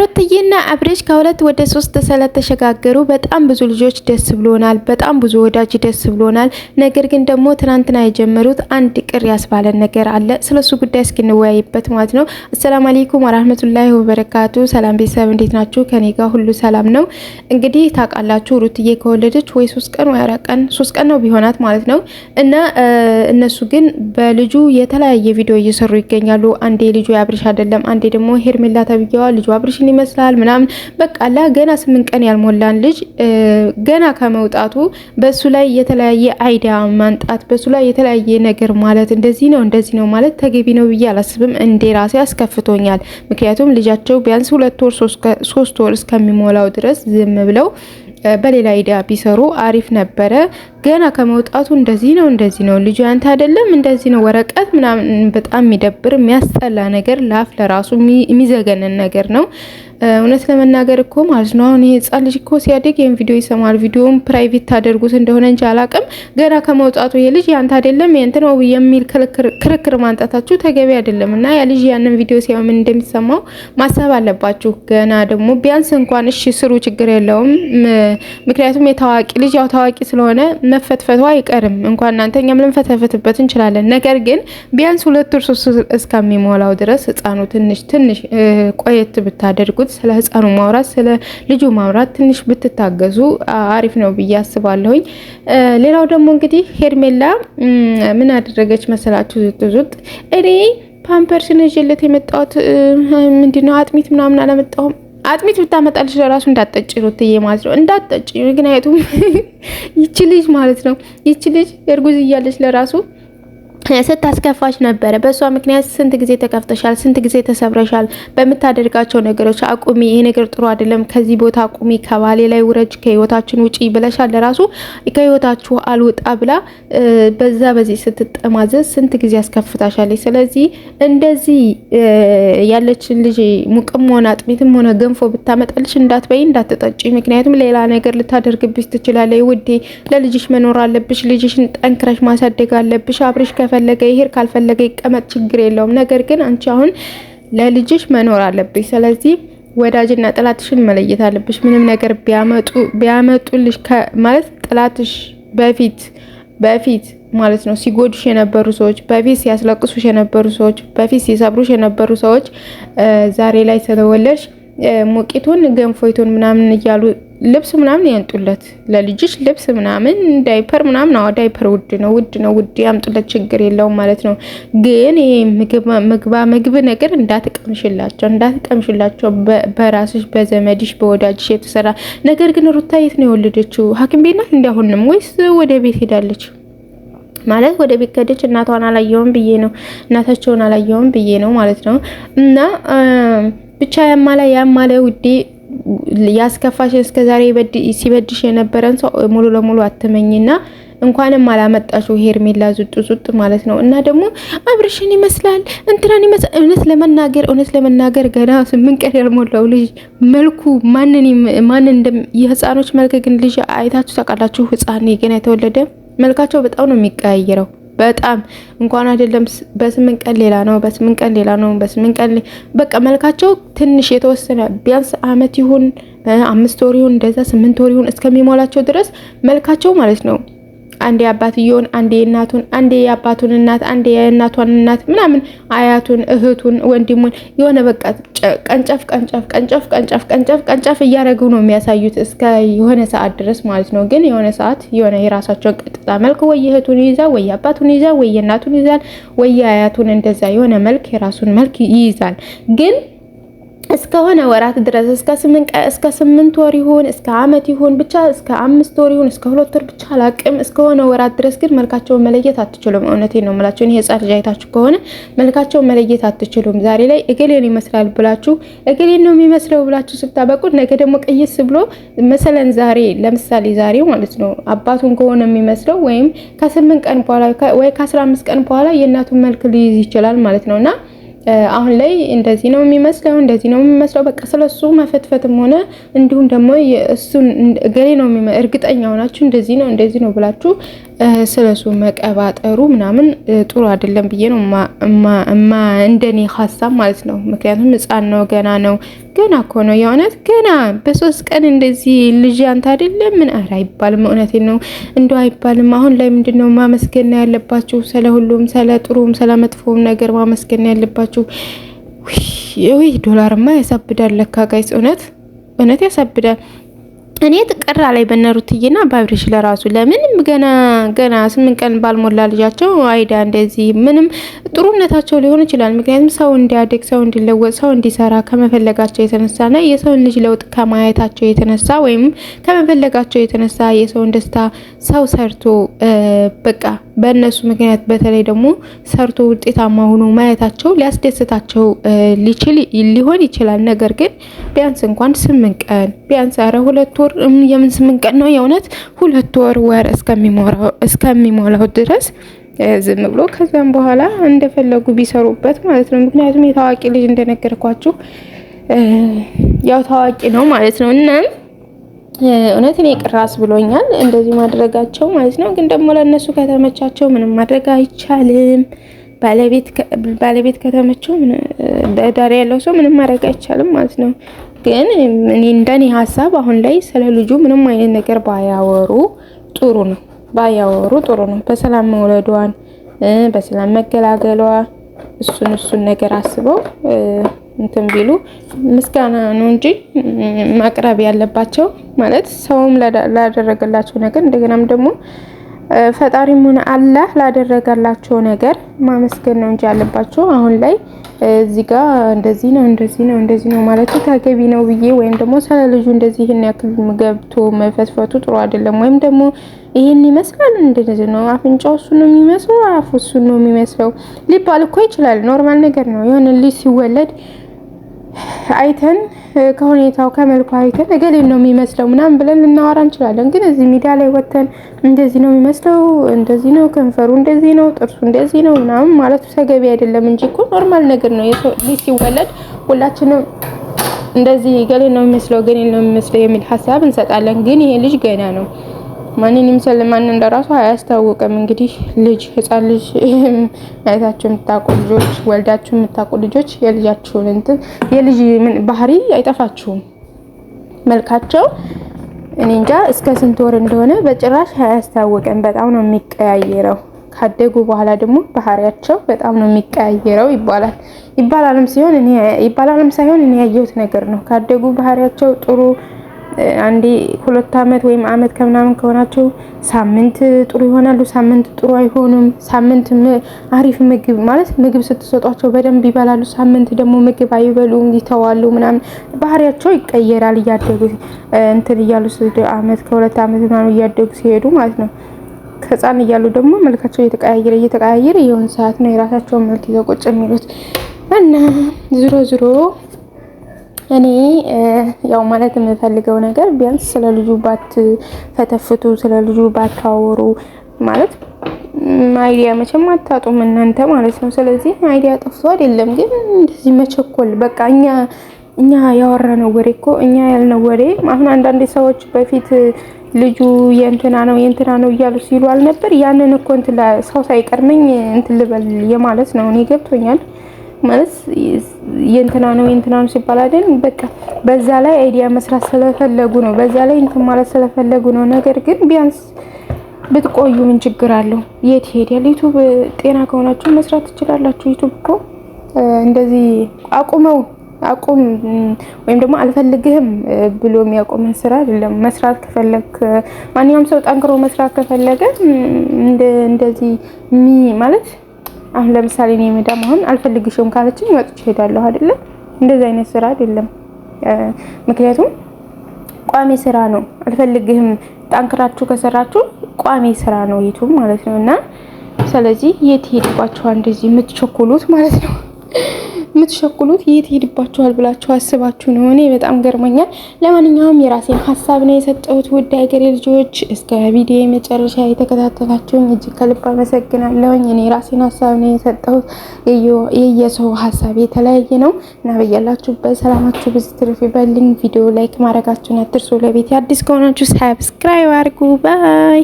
ሩትዬና አብሬሽ ከሁለት ወደ ሶስት ስለተሸጋገሩ በጣም ብዙ ልጆች ደስ ብሎናል። በጣም ብዙ ወዳጅ ደስ ብሎናል። ነገር ግን ደግሞ ትናንትና የጀመሩት አንድ ቅር ያስባለን ነገር አለ። ስለሱ ጉዳይ እስኪንወያይበት ማለት ነው። አሰላሙ አለይኩም ወራህመቱላሂ ወበረካቱ። ሰላም ቤተሰብ እንዴት ናችሁ? ከኔ ጋር ሁሉ ሰላም ነው። እንግዲህ ታውቃላችሁ ሩትዬ ከወለደች ወይ ሶስት ቀን ወይ አራት ቀን ሶስት ቀን ነው ቢሆናት ማለት ነው። እና እነሱ ግን በልጁ የተለያየ ቪዲዮ እየሰሩ ይገኛሉ። አንዴ ልጁ የአብሬሽ አይደለም፣ አንዴ ደግሞ ሄርሜላ ተብዬዋ ልጇ አብርሽን ይመስላል ምናምን በቃ ላ ገና ስምንት ቀን ያልሞላን ልጅ ገና ከመውጣቱ በሱ ላይ የተለያየ አይዲያ ማንጣት በሱ ላይ የተለያየ ነገር ማለት እንደዚህ ነው እንደዚህ ነው ማለት ተገቢ ነው ብዬ አላስብም። እንዴ ራሴ አስከፍቶኛል። ምክንያቱም ልጃቸው ቢያንስ ሁለት ወር ሶስት ወር እስከሚሞላው ድረስ ዝም ብለው በሌላ አይዲያ ቢሰሩ አሪፍ ነበረ። ገና ከመውጣቱ እንደዚህ ነው እንደዚህ ነው ልጁ ያንተ አይደለም እንደዚህ ነው ወረቀት ምናምን፣ በጣም የሚደብር የሚያስጠላ ነገር ላፍ ለራሱ የሚዘገንን ነገር ነው። እውነት ለመናገር እኮ ማለት ነው። አሁን ይሄ ልጅ እኮ ሲያድግ ይህን ቪዲዮ ይሰማል። ቪዲዮውን ፕራይቬት ታደርጉት እንደሆነ እንጂ አላቅም። ገና ከመውጣቱ ይሄ ልጅ ያንተ አይደለም ያንተ ነው የሚል ክርክር ማንጣታችሁ ተገቢ አይደለም እና ያ ልጅ ያንን ቪዲዮ ሲያምን እንደሚሰማው ማሰብ አለባችሁ። ገና ደግሞ ቢያንስ እንኳን እሺ ስሩ፣ ችግር የለውም ምክንያቱም የታዋቂ ልጅ ያው ታዋቂ ስለሆነ መፈትፈቷ አይቀርም። እንኳን እናንተ እኛም ልንፈተፈትበት እንችላለን። ነገር ግን ቢያንስ ሁለት ወር ሶስት እስከሚሞላው ድረስ ህፃኑ ትንሽ ትንሽ ቆየት ብታደርጉት ስለ ህፃኑ ማውራት ስለ ልጁ ማውራት ትንሽ ብትታገዙ አሪፍ ነው ብዬ አስባለሁኝ። ሌላው ደግሞ እንግዲህ ሄርሜላ ምን አደረገች መሰላችሁ? ዙጥ ዙጥ እኔ ፓምፐርስ ነጅለት የመጣሁት ምንድነው አጥሚት ምናምን አላመጣሁም አጥሚት ብታመጣልሽ ለራሱ እንዳጠጭ ሩትዬ ማለት ነው፣ እንዳጠጭ ምክንያቱም ይቺ ልጅ ማለት ነው ይቺ ልጅ እርጉዝ እያለች ለራሱ ስታስከፋች ነበረ። በእሷ ምክንያት ስንት ጊዜ ተከፍተሻል፣ ስንት ጊዜ ተሰብረሻል። በምታደርጋቸው ነገሮች አቁሚ፣ ይሄ ነገር ጥሩ አይደለም፣ ከዚህ ቦታ አቁሚ፣ ከባሌ ላይ ውረጅ፣ ከህይወታችን ውጪ ብለሻል። ለራሱ ከህይወታችሁ አልወጣ ብላ በዛ በዚህ ስትጠማዘዝ ስንት ጊዜ አስከፍታሻለች። ስለዚህ እንደዚህ ያለችን ልጅ ሙቅም ሆነ አጥሚትም ሆነ ገንፎ ብታመጣልሽ እንዳትበይ፣ እንዳትጠጪ። ምክንያቱም ሌላ ነገር ልታደርግብሽ ትችላለች። ውዴ ለልጅሽ መኖር አለብሽ። ልጅሽን ጠንክረሽ ማሳደግ አለብሽ። አብረሽ ከፈ ከፈለገ ይሄር ካልፈለገ ይቀመጥ፣ ችግር የለውም። ነገር ግን አንቺ አሁን ለልጅሽ መኖር አለብሽ። ስለዚህ ወዳጅና ጥላትሽን መለየት አለብሽ። ምንም ነገር ቢያመጡ ቢያመጡልሽ ማለት ጥላትሽ በፊት በፊት ማለት ነው ሲጎዱሽ የነበሩ ሰዎች፣ በፊት ሲያስለቅሱሽ የነበሩ ሰዎች፣ በፊት ሲሰብሩሽ የነበሩ ሰዎች ዛሬ ላይ ስለወለድሽ ሙቂቱን ገንፎይቱን ምናምን እያሉ ልብስ ምናምን ያንጡለት ለልጅሽ ልብስ ምናምን ዳይፐር ምናምን። አዎ ዳይፐር ውድ ነው ውድ ነው ውድ ያምጡለት፣ ችግር የለውም ማለት ነው። ግን ይሄ ምግባ ምግብ ነገር እንዳትቀምሽላቸው እንዳትቀምሽላቸው፣ በራስሽ በዘመድሽ በወዳጅሽ የተሰራ ነገር። ግን ሩታ የት ነው የወለደችው? ሐኪም ቤት ናት እንዲያሁንም ወይስ ወደ ቤት ሄዳለች? ማለት ወደ ቤት ከሄደች እናቷን አላየውም ብዬ ነው እናታቸውን አላየውም ብዬ ነው ማለት ነው። እና ብቻ ያማለ ያማለ ውዴ ያስከፋሽን እስከዛሬ ሲበድሽ የነበረን ሰው ሙሉ ለሙሉ አትመኝና እንኳንም አላመጣሽው ሄርሜላ ዙጥ ዙጥ ማለት ነው። እና ደግሞ አብርሽን ይመስላል እንትናን ይመስላል። እውነት ለመናገር እውነት ለመናገር ገና ስምንት ቀን ያልሞላው ልጅ መልኩ ማንን ማንን የህፃኖች መልክ ግን ልጅ አይታችሁ ታውቃላችሁ? ህፃን ገና የተወለደ መልካቸው በጣም ነው የሚቀያየረው። በጣም እንኳን አይደለም በስምንት ቀን ሌላ ነው፣ በስምንት ቀን ሌላ ነው፣ በስምንት ቀን በቃ መልካቸው ትንሽ የተወሰነ ቢያንስ አመት ይሁን አምስት ወር ይሁን እንደዛ ስምንት ወር ይሁን እስከሚሞላቸው ድረስ መልካቸው ማለት ነው አንዴ አባትየውን፣ አንዴ እናቱን፣ አንዴ የአባቱን እናት፣ አንዴ የእናቷን እናት ምናምን አያቱን፣ እህቱን፣ ወንድሙን የሆነ በቃ ቀንጨፍ ቀንጨፍ ቀንጨፍ ቀንጨፍ ቀንጨፍ ቀንጨፍ እያደረጉ ነው የሚያሳዩት እስከ የሆነ ሰዓት ድረስ ማለት ነው። ግን የሆነ ሰዓት የሆነ የራሳቸውን ቀጥታ መልክ ወይ እህቱን ይይዛል፣ ወይ አባቱን ይይዛል፣ ወይ እናቱን ይይዛል፣ ወይ አያቱን እንደዛ የሆነ መልክ የራሱን መልክ ይይዛል ግን እስከሆነ ወራት ድረስ እስከ ስምንት ወር ይሁን እስከ አመት ይሁን ብቻ እስከ አምስት ወር ይሁን እስከ ሁለት ወር ብቻ አላቅም። እስከሆነ ወራት ድረስ ግን መልካቸውን መለየት አትችሉም። እውነቴ ነው የምላችሁ። ይሄ ህጻን ልጅ አይታችሁ ከሆነ መልካቸውን መለየት አትችሉም። ዛሬ ላይ እገሌን ይመስላል ብላችሁ እገሌን ነው የሚመስለው ብላችሁ ስታበቁት፣ ነገ ደግሞ ቀይስ ብሎ መሰለን ዛሬ ለምሳሌ ዛሬ ማለት ነው አባቱን ከሆነ የሚመስለው ወይም ከስምንት ቀን በኋላ ወይ ከአስራ አምስት ቀን በኋላ የእናቱን መልክ ሊይዝ ይችላል ማለት ነው እና አሁን ላይ እንደዚህ ነው የሚመስለው፣ እንደዚህ ነው የሚመስለው። በቃ ስለሱ መፈትፈትም ሆነ እንዲሁም ደግሞ እሱን እገሌ ነው እርግጠኛ ሆናችሁ እንደዚህ ነው እንደዚህ ነው ብላችሁ ስለሱ መቀባጠሩ ምናምን ጥሩ አይደለም ብዬ ነው እንደኔ ሀሳብ ማለት ነው። ምክንያቱም ህፃን ነው ገና ነው ገና እኮ ነው የእውነት ገና በሶስት ቀን እንደዚህ ልጅ አንተ አይደለም ምን ኧረ አይባልም። እውነቴ ነው እንደ አይባልም። አሁን ላይ ምንድን ነው ማመስገና ያለባችሁ? ስለ ሁሉም ስለ ጥሩም ስለ መጥፎም ነገር ማመስገና ያለባችሁ። ዶላርማ ያሳብዳል ለካ ጋይስ፣ እውነት እውነት ያሳብዳል። እኔ ጥቅር ላይ በነሩትዬና ባብሪሽ ለራሱ ለምንም ገና ገና ስምንት ቀን ባልሞላ ልጃቸው አይዳ እንደዚህ ምንም ጥሩነታቸው ሊሆን ይችላል። ምክንያቱም ሰው እንዲያድግ፣ ሰው እንዲለወጥ፣ ሰው እንዲሰራ ከመፈለጋቸው የተነሳና የሰውን ልጅ ለውጥ ከማየታቸው የተነሳ ወይም ከመፈለጋቸው የተነሳ የሰውን ደስታ ሰው ሰርቶ በቃ በእነሱ ምክንያት በተለይ ደግሞ ሰርቶ ውጤታማ ሆኖ ማየታቸው ሊያስደስታቸው ሊችል ሊሆን ይችላል። ነገር ግን ቢያንስ እንኳን ስምንት ቀን ቢያንስ አረ ሁለት ወር የምን ስምንት ቀን ነው የእውነት ሁለት ወር ወር እስከሚሞላው ድረስ ዝም ብሎ ከዛም በኋላ እንደፈለጉ ቢሰሩበት ማለት ነው። ምክንያቱም የታዋቂ ልጅ እንደነገርኳችሁ ያው ታዋቂ ነው ማለት ነው እና እውነት እኔ ቅራስ ብሎኛል እንደዚህ ማድረጋቸው ማለት ነው። ግን ደግሞ ለእነሱ ከተመቻቸው ምንም ማድረግ አይቻልም። ባለቤት ከተመቸው ዳር ያለው ሰው ምንም ማድረግ አይቻልም ማለት ነው። ግን እኔ እንደኔ ሀሳብ አሁን ላይ ስለ ልጁ ምንም አይነት ነገር ባያወሩ ጥሩ ነው፣ ባያወሩ ጥሩ ነው። በሰላም መውለዷን በሰላም መገላገሏ እሱን እሱን ነገር አስበው እንትን ቢሉ ምስጋና ነው እንጂ ማቅረብ ያለባቸው ማለት ሰውም ላደረገላቸው ነገር እንደገናም ደግሞ ፈጣሪም ሆነ አላህ ላደረጋላቸው ነገር ማመስገን ነው እንጂ ያለባቸው። አሁን ላይ እዚህ ጋር እንደዚህ ነው እንደዚህ ነው እንደዚህ ነው ማለት ተገቢ ነው ብዬ ወይም ደግሞ ስለ ልጁ እንደዚህ ይህን ያክል ገብቶ መፈትፈቱ ጥሩ አይደለም። ወይም ደግሞ ይህን ይመስላል እንደዚህ ነው አፍንጫው እሱ ነው የሚመስለው አፉ እሱ ነው የሚመስለው ሊባል እኮ ይችላል። ኖርማል ነገር ነው። የሆነ ልጅ ሲወለድ አይተን ከሁኔታው ከመልኩ አይተን እገሌን ነው የሚመስለው ምናምን ብለን ልናወራ እንችላለን። ግን እዚህ ሚዲያ ላይ ወተን እንደዚህ ነው የሚመስለው፣ እንደዚህ ነው ከንፈሩ፣ እንደዚህ ነው ጥርሱ፣ እንደዚህ ነው ምናምን ማለቱ ተገቢ አይደለም እንጂ እኮ ኖርማል ነገር ነው። የሰው ሲወለድ ሁላችንም እንደዚህ እገሌን ነው የሚመስለው፣ እገሌን ነው የሚመስለው የሚል ሀሳብ እንሰጣለን። ግን ይሄ ልጅ ገና ነው ማንንም ስለማን እንደራሱ አያስታውቅም። እንግዲህ ልጅ ህፃን ልጅ አይታችሁ የምታውቁ ልጆች ወልዳችሁ የምታውቁ ልጆች የልጃችሁን እንትን የልጅ ምን ባህሪ አይጠፋችሁም። መልካቸው እኔ እንጃ እስከ ስንት ወር እንደሆነ በጭራሽ አያስታውቅም። በጣም ነው የሚቀያየረው። ካደጉ በኋላ ደግሞ ባህሪያቸው በጣም ነው የሚቀያየረው ይባላል። ይባላልም ሲሆን እኔ ይባላልም ሳይሆን እኔ ያየሁት ነገር ነው። ካደጉ ባህሪያቸው ጥሩ አንዴ ሁለት አመት ወይም አመት ከምናምን ከሆናቸው ሳምንት ጥሩ ይሆናሉ፣ ሳምንት ጥሩ አይሆኑም። ሳምንት አሪፍ ምግብ ማለት ምግብ ስትሰጧቸው በደንብ ይበላሉ፣ ሳምንት ደግሞ ምግብ አይበሉም፣ ይተዋሉ ምናምን ባህሪያቸው ይቀየራል። እያደጉ እንትን እያሉ አመት ከሁለት አመት ምናምን እያደጉ ሲሄዱ ማለት ነው። ከህፃን እያሉ ደግሞ መልካቸው እየተቀያየረ እየተቀያየረ የሆነ ሰዓት ነው የራሳቸውን መልክ ይዘው ቁጭ የሚሉት እና ዝሮ ዝሮ እኔ ያው ማለት የምፈልገው ነገር ቢያንስ ስለ ልጁ ባት ፈተፍቱ ስለ ልጁ ባታወሩ ማለት አይዲያ መቼም አታጡም እናንተ ማለት ነው። ስለዚህ አይዲያ ጠፍቶ አይደለም፣ ግን እንደዚህ መቸኮል በቃ እኛ እኛ ያወራነው ወሬ እኮ እኛ ያልነው ወሬ አሁን አንዳንድ ሰዎች በፊት ልጁ የእንትና ነው የእንትና ነው እያሉ ሲሉ አልነበር? ያንን እኮ እንትን ሰው ሳይቀድመኝ እንትን ልበል የማለት ነው። እኔ ገብቶኛል። ማለት የእንትና ነው የእንትና ነው ሲባል አይደል በቃ በዛ ላይ አይዲያ መስራት ስለፈለጉ ነው፣ በዛ ላይ እንትን ማለት ስለፈለጉ ነው። ነገር ግን ቢያንስ ብትቆዩ ምን ችግር አለው? የት ይሄዳል? ዩቱብ ጤና ከሆናችሁ መስራት ትችላላችሁ። ዩቱብ እኮ እንደዚህ አቁመው አቁም ወይም ደግሞ አልፈልግህም ብሎ የሚያቆመን ስራ አይደለም። መስራት ከፈለግ ማንኛውም ሰው ጠንክሮ መስራት ከፈለገ እንደዚህ ሚ ማለት አሁን ለምሳሌ እኔ መዳም አሁን አልፈልግሽም ካለችኝ ወጥቼ እሄዳለሁ አይደለ? እንደዚህ አይነት ስራ አይደለም። ምክንያቱም ቋሚ ስራ ነው። አልፈልግህም ጠንክራችሁ ከሰራችሁ ቋሚ ስራ ነው የቱም ማለት ነው። እና ስለዚህ የት ሄድኳችሁ እንደዚህ የምትቸኩሉት ማለት ነው። የምትሸኩሉት የት ሄድባችኋል ብላችሁ አስባችሁ ነው? እኔ በጣም ገርመኛል። ለማንኛውም የራሴን ሀሳብ ነው የሰጠሁት። ውድ ሀገሬ ልጆች እስከ ቪዲዮ መጨረሻ የተከታተላችሁኝ እጅግ ከልብ አመሰግናለሁኝ። እኔ የራሴን ሀሳብ ነው የሰጠሁት። የየሰው ሀሳብ የተለያየ ነው እና በያላችሁበት ሰላማችሁ ብዙ ትርፍ ይበልኝ። ቪዲዮ ላይክ ማድረጋችሁን አትርሱ። ለቤት አዲስ ከሆናችሁ ሳብስክራይብ አድርጉ። ባይ